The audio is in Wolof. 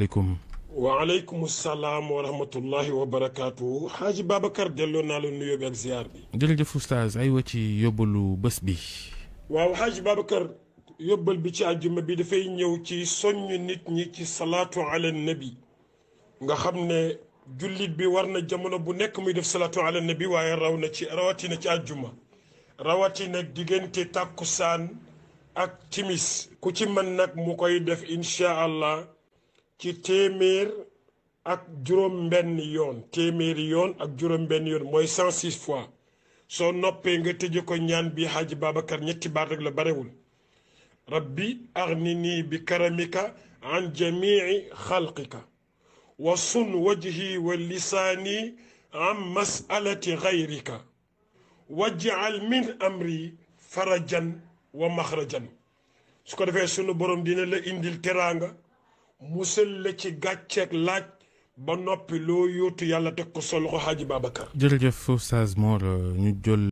alaikum wa aleykum salaam wa rahmatullahi wa barakatu. Haji Babacar delloo naa la nuyoo ak ziar bi. jërëjëf oustaz aywa ci yóbbalu bés bi. waaw Haji Babacar yóbbal bi ci àjjuma bi dafay ñëw ci soññ nit ñi ci salaatu ala nabi nga xam ne jullit bi war na jamono bu nekk muy def salaatu ala nabi waaye raw na ci rawati na ci àjjuma na diggante takusaan ak timis ku ci mën nag mu koy def incha allah. ci témèr ak juróom-benn yoon témèr yoon ak juróom-benn yoon moy 106 fois so noppé nga tëje ko ñaan bi xaaji babakar ñetti baat rek la barewul rabbi aghnini bi karamika an jamii khalqika wa sun wajhi wa lisaani an masalati gayrika waj'al min amri farajan wa maxrajan su ko defee sunu borom dina la indil musal la ci gàcceeg laaj ba noppi loo yóotu yàlla teg ko sa loxo Hadji Babacar. jërëjëf Oustaz Mor ñu jël